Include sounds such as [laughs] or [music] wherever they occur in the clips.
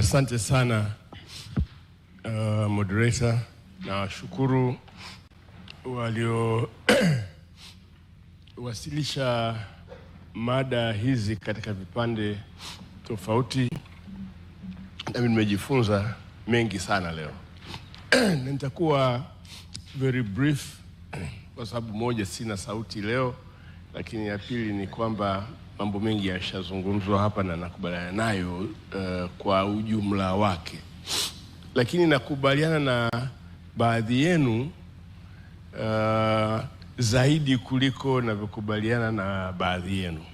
Asante sana uh, moderator na washukuru waliowasilisha [clears throat] mada hizi katika vipande tofauti, nami nimejifunza mengi sana leo [clears throat] na nitakuwa very brief [clears throat] kwa sababu moja, sina sauti leo, lakini ya pili ni kwamba mambo mengi yashazungumzwa hapa na nakubaliana nayo uh, kwa ujumla wake, lakini nakubaliana na baadhi yenu uh, zaidi kuliko navyokubaliana na baadhi yenu,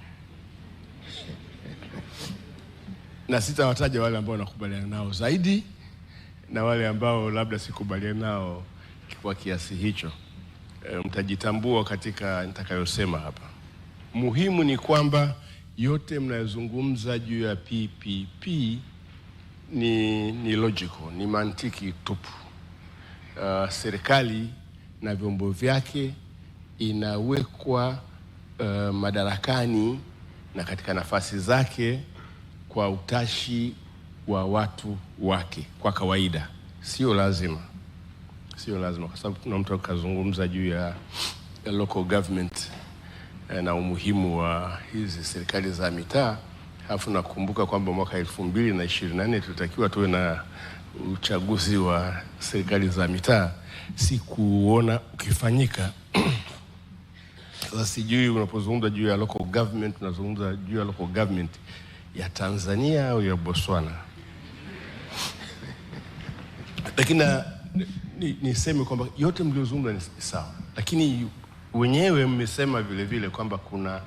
na sitawataja wale ambao nakubaliana nao zaidi na wale ambao labda sikubaliana nao kwa kiasi hicho. E, mtajitambua katika nitakayosema hapa. Muhimu ni kwamba yote mnayozungumza juu ya PPP ni, ni logical, ni mantiki tupu. Uh, serikali na vyombo vyake inawekwa uh, madarakani na katika nafasi zake kwa utashi wa watu wake, kwa kawaida. Sio lazima, sio lazima, kwa sababu kuna mtu akazungumza juu ya local government Eh, na umuhimu wa hizi serikali za mitaa. alafu nakumbuka kwamba mwaka elfu mbili na ishirini na nne tulitakiwa tuwe na uchaguzi wa serikali za mitaa, sikuona ukifanyika. [clears throat] Sasa sijui unapozungumza juu ya local government unazungumza juu ya local government ya Tanzania au ya Botswana? [laughs] Lakini niseme kwamba yote mliozungumza ni sawa, lakini wenyewe mmesema vile vile kwamba kuna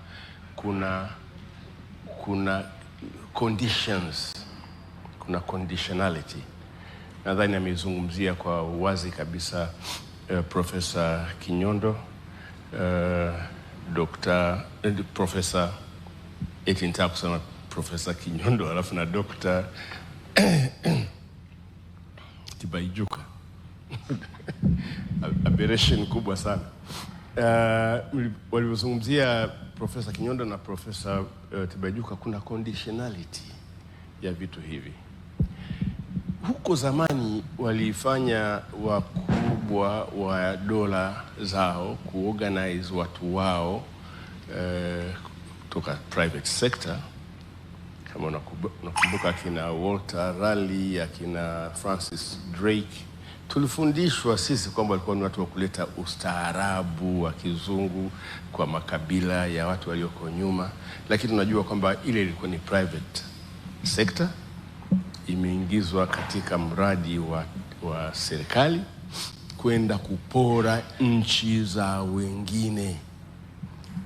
kuna kuna conditions, kuna conditionality. Nadhani amezungumzia kwa uwazi kabisa uh, Profesa Kinyondo uh, eh, Dr. Eh, Profesa eti nitaka kusema Profesa Kinyondo alafu na Dr. [coughs] Tibaijuka aberration [laughs] kubwa sana. Uh, walivyozungumzia Profesa Kinyondo na Profesa uh, Tibaijuka, kuna conditionality ya vitu hivi. Huko zamani walifanya wakubwa wa dola zao kuorganize watu wao uh, kutoka private sector kama unakumbuka akina Walter Raleigh, akina Francis Drake tulifundishwa sisi kwamba walikuwa ni watu wa kuleta ustaarabu wa kizungu kwa makabila ya watu walioko nyuma, lakini tunajua kwamba ile ilikuwa ni private sector, imeingizwa katika mradi wa, wa serikali kwenda kupora nchi za wengine,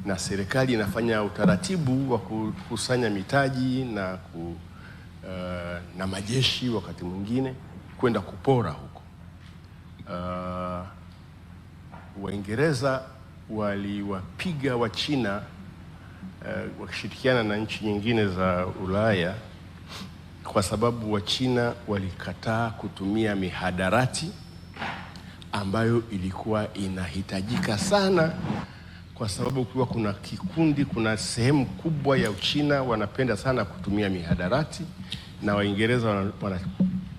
na serikali inafanya utaratibu wa kukusanya mitaji na, ku, uh, na majeshi wakati mwingine kwenda kupora huko uh, Waingereza waliwapiga Wachina uh, wakishirikiana na nchi nyingine za Ulaya kwa sababu Wachina walikataa kutumia mihadarati ambayo ilikuwa inahitajika sana, kwa sababu ukiwa kuna kikundi, kuna sehemu kubwa ya Uchina wanapenda sana kutumia mihadarati na Waingereza wana, wana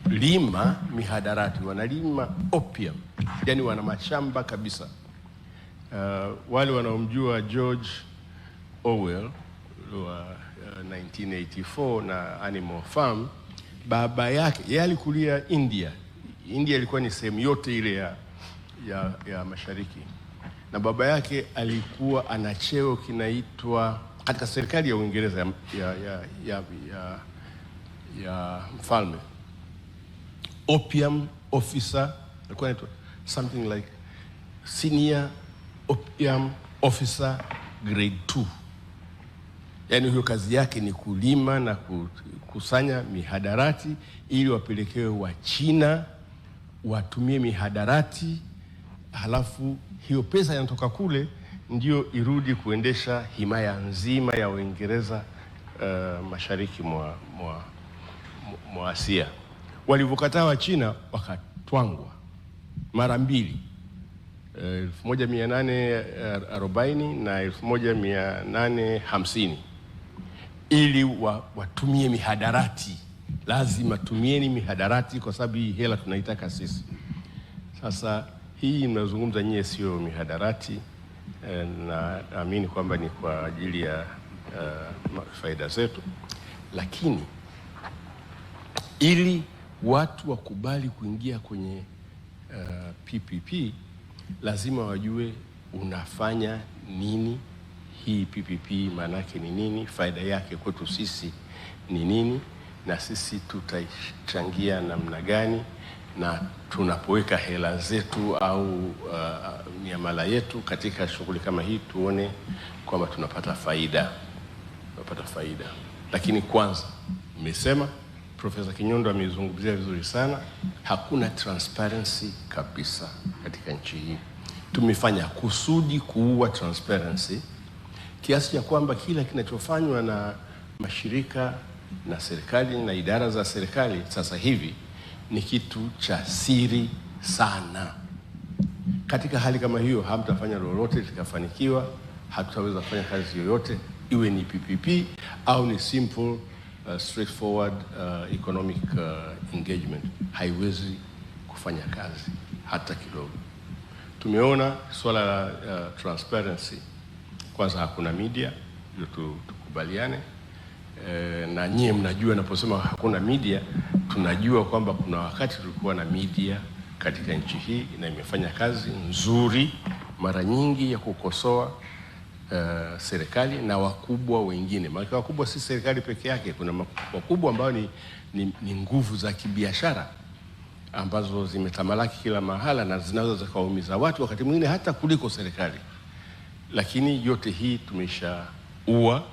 lima mihadarati, wanalima opium, yani wana mashamba kabisa. Uh, wale wanaomjua George Orwell wa uh, 1984 na Animal Farm, baba yake yeye alikulia India. India ilikuwa ni sehemu yote ile ya, ya, ya mashariki na baba yake alikuwa ana cheo kinaitwa katika serikali ya Uingereza ya, ya, ya, ya, ya, ya mfalme opium officer, alikuwa anaitwa something like senior opium officer grade 2. Yaani huyo kazi yake ni kulima na kukusanya mihadarati ili wapelekewe wa China watumie mihadarati, halafu hiyo pesa inatoka kule ndio irudi kuendesha himaya nzima ya Uingereza uh, mashariki mwa, mwa, mwa Asia. Walivyokataa Wachina wakatwangwa mara mbili 1840 na 1850 ili wa, watumie mihadarati. Lazima tumieni mihadarati kwa sababu hii hela tunaitaka sisi. Sasa hii mnazungumza nyie sio mihadarati, eh, na naamini kwamba ni kwa ajili ya uh, faida zetu, lakini ili watu wakubali kuingia kwenye uh, eh, PPP lazima wajue unafanya nini, hii PPP maana yake ni nini, faida yake kwetu sisi ni nini, na sisi tutachangia namna gani, na tunapoweka hela zetu au uh, miamala yetu katika shughuli kama hii, tuone kwamba tunapata faida, tunapata faida. Lakini kwanza mmesema Profesa Kinyondo ameizungumzia vizuri sana. Hakuna transparency kabisa katika nchi hii. Tumefanya kusudi kuua transparency kiasi cha kwamba kila kinachofanywa na mashirika na serikali na idara za serikali sasa hivi ni kitu cha siri sana. Katika hali kama hiyo, hamtafanya lolote likafanikiwa, hatutaweza kufanya kazi yoyote, iwe ni PPP au ni simple uh, straightforward uh, economic uh, engagement haiwezi kufanya kazi hata kidogo. Tumeona swala la uh, transparency, kwanza hakuna media, ndio tukubaliane e, na nyie mnajua, naposema hakuna media, tunajua kwamba kuna wakati tulikuwa na media katika nchi hii na imefanya kazi nzuri mara nyingi ya kukosoa uh, serikali na wakubwa wengine. Maana wakubwa si serikali peke yake, kuna wakubwa ambao ni, ni, ni nguvu za kibiashara ambazo zimetamalaki kila mahala na zinaweza zikawaumiza watu wakati mwingine hata kuliko serikali. Lakini yote hii tumeshaua,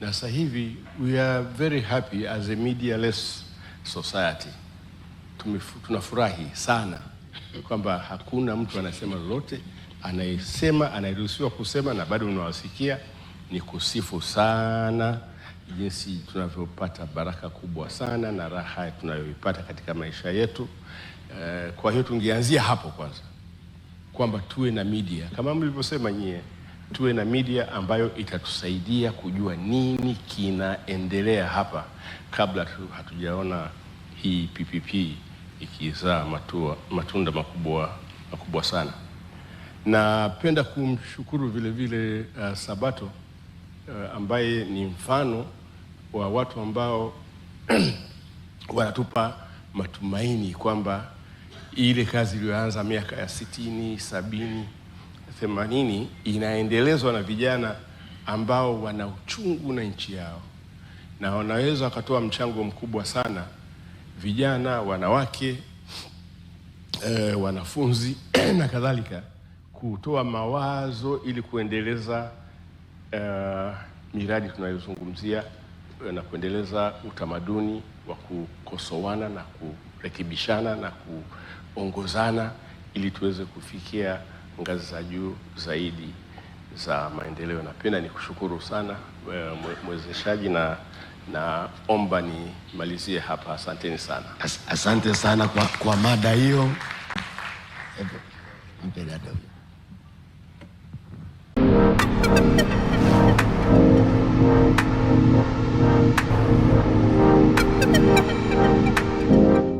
na sasa hivi we are very happy as a medialess society. Tunafurahi sana kwamba hakuna mtu anasema lolote, anayesema anayeruhusiwa kusema na bado unawasikia ni kusifu sana jinsi tunavyopata baraka kubwa sana na raha tunayoipata katika maisha yetu. E, kwa hiyo tungeanzia hapo kwanza kwamba tuwe na media kama mlivyosema nyie, tuwe na media ambayo itatusaidia kujua nini kinaendelea hapa kabla tu hatujaona hii PPP ikizaa matunda makubwa makubwa sana. Napenda kumshukuru vile vile uh, Sabato uh, ambaye ni mfano wa watu ambao [clears throat] wanatupa matumaini kwamba ile kazi iliyoanza miaka ya sitini, sabini, themanini inaendelezwa na vijana ambao wana uchungu na nchi yao na wanaweza wakatoa mchango mkubwa sana, vijana, wanawake, eh, wanafunzi [clears throat] na kadhalika kutoa mawazo ili kuendeleza uh, miradi tunayozungumzia eh, na kuendeleza utamaduni wa kukosoana na kurekebishana na kuongozana ili tuweze kufikia ngazi za juu zaidi za maendeleo. Napenda kushukuru sana eh, mwezeshaji na naomba nimalizie hapa. Asanteni sana. Asante sana kwa, kwa mada hiyo.